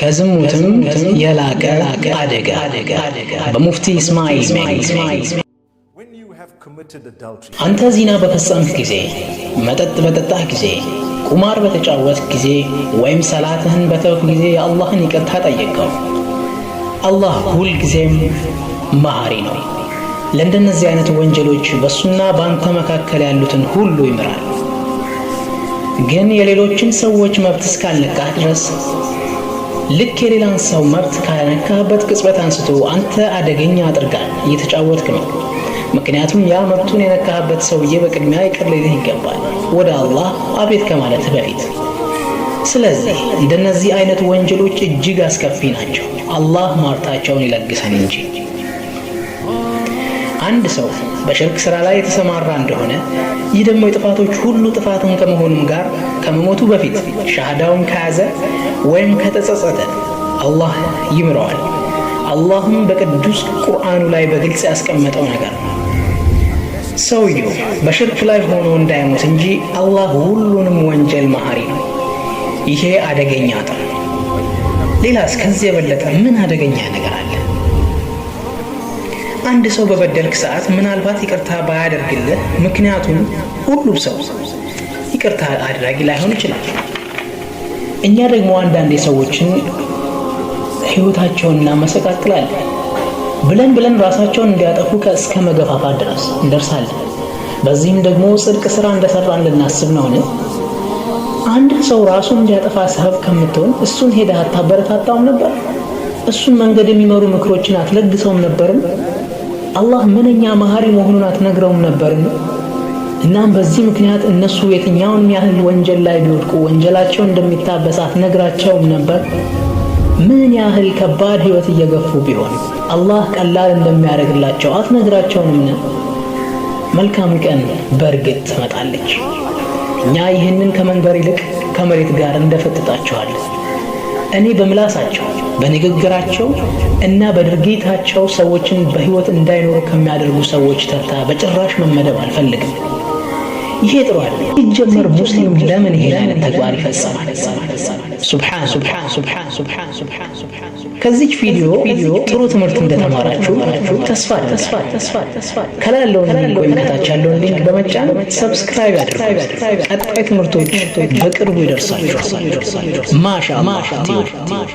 ከዝሙትም የላቀ አደጋ በሙፍቲ እስማኤል አንተ ዚና በፈጸምክ ጊዜ፣ መጠጥ በጠጣህ ጊዜ፣ ቁማር በተጫወት ጊዜ ወይም ሰላትህን በተውክ ጊዜ የአላህን ይቅርታ ጠየቀው። አላህ ሁልጊዜም መሐሪ ነው። ለእንደነዚህ አይነት ወንጀሎች በእሱና በአንተ መካከል ያሉትን ሁሉ ይምራል። ግን የሌሎችን ሰዎች መብት እስካልነቃህ ድረስ ልክ የሌላን ሰው መብት ካነካበት ቅጽበት አንስቶ አንተ አደገኛ አድርጋል እየተጫወትክ ነው። ምክንያቱም ያ መብቱን የነካህበት ሰውዬ በቅድሚያ ይቅር ሊልህ ይገባል፣ ወደ አላህ አቤት ከማለት በፊት። ስለዚህ እንደነዚህ አይነት ወንጀሎች እጅግ አስከፊ ናቸው። አላህ ማርታቸውን ይለግሰን እንጂ አንድ ሰው በሽርክ ስራ ላይ የተሰማራ እንደሆነ ይህ ደግሞ የጥፋቶች ሁሉ ጥፋትን ከመሆኑም ጋር ከመሞቱ በፊት ሻሃዳውን ከያዘ ወይም ከተጸጸተ አላህ ይምረዋል። አላህም በቅዱስ ቁርአኑ ላይ በግልጽ ያስቀመጠው ነገር ነው። ሰውየው በሽርክ ላይ ሆኖ እንዳይሞት እንጂ አላህ ሁሉንም ወንጀል መሐሪ ነው። ይሄ አደገኛ ጥር ሌላስ ከዚህ የበለጠ ምን አደገኛ ነገር አለ? አንድ ሰው በበደልክ ሰዓት ምናልባት ይቅርታ ባያደርግልህ፣ ምክንያቱም ሁሉም ሰው ይቅርታ አድራጊ ላይሆን ይችላል። እኛ ደግሞ አንዳንዴ ሰዎችን ህይወታቸውን እናመሰቃቅላለን ብለን ብለን ራሳቸውን እንዲያጠፉ እስከ መገፋፋት ድረስ እንደርሳለን። በዚህም ደግሞ ጽድቅ ስራ እንደሰራን ልናስብ ነውን? አንድ ሰው ራሱን እንዲያጠፋ ሰበብ ከምትሆን እሱን ሄደህ አታበረታታውም ነበር? እሱን መንገድ የሚመሩ ምክሮችን አትለግሰውም ነበርም? አላህ ምንኛ መሐሪ መሆኑን አትነግረውም ነበርን? እናም በዚህ ምክንያት እነሱ የትኛውን ያህል ወንጀል ላይ ቢወድቁ ወንጀላቸው እንደሚታበስ አትነግራቸውም ነበር? ምን ያህል ከባድ ህይወት እየገፉ ቢሆን አላህ ቀላል እንደሚያደርግላቸው አትነግራቸውም? መልካም ቀን በእርግጥ ትመጣለች። እኛ ይህንን ከመንበር ይልቅ ከመሬት ጋር እንደፈትጣችኋለን። እኔ በምላሳቸው በንግግራቸው እና በድርጊታቸው ሰዎችን በህይወት እንዳይኖሩ ከሚያደርጉ ሰዎች ተርታ በጭራሽ መመደብ አልፈልግም። ይሄ ጥሩ አለ። ሲጀመር ሙስሊም ለምን ይሄ አይነት ተግባር ይፈጸማል? ሱብሃን ሱብሃን ሱብሃን ሱብሃን ሱብሃን ሱብሃን። ከዚህ ቪዲዮ ጥሩ ትምህርት እንደተማራችሁ ተስፋ ተስፋ ተስፋ ተስፋ ከላይ ያለውን ሊንክ ወይም ከታች ያለውን ሊንክ በመጫን ሰብስክራይብ አድርጉ። ቀጣይ ትምህርቶች በቅርቡ ይደርሳችኋል። ማሻ ማሻ ማሻ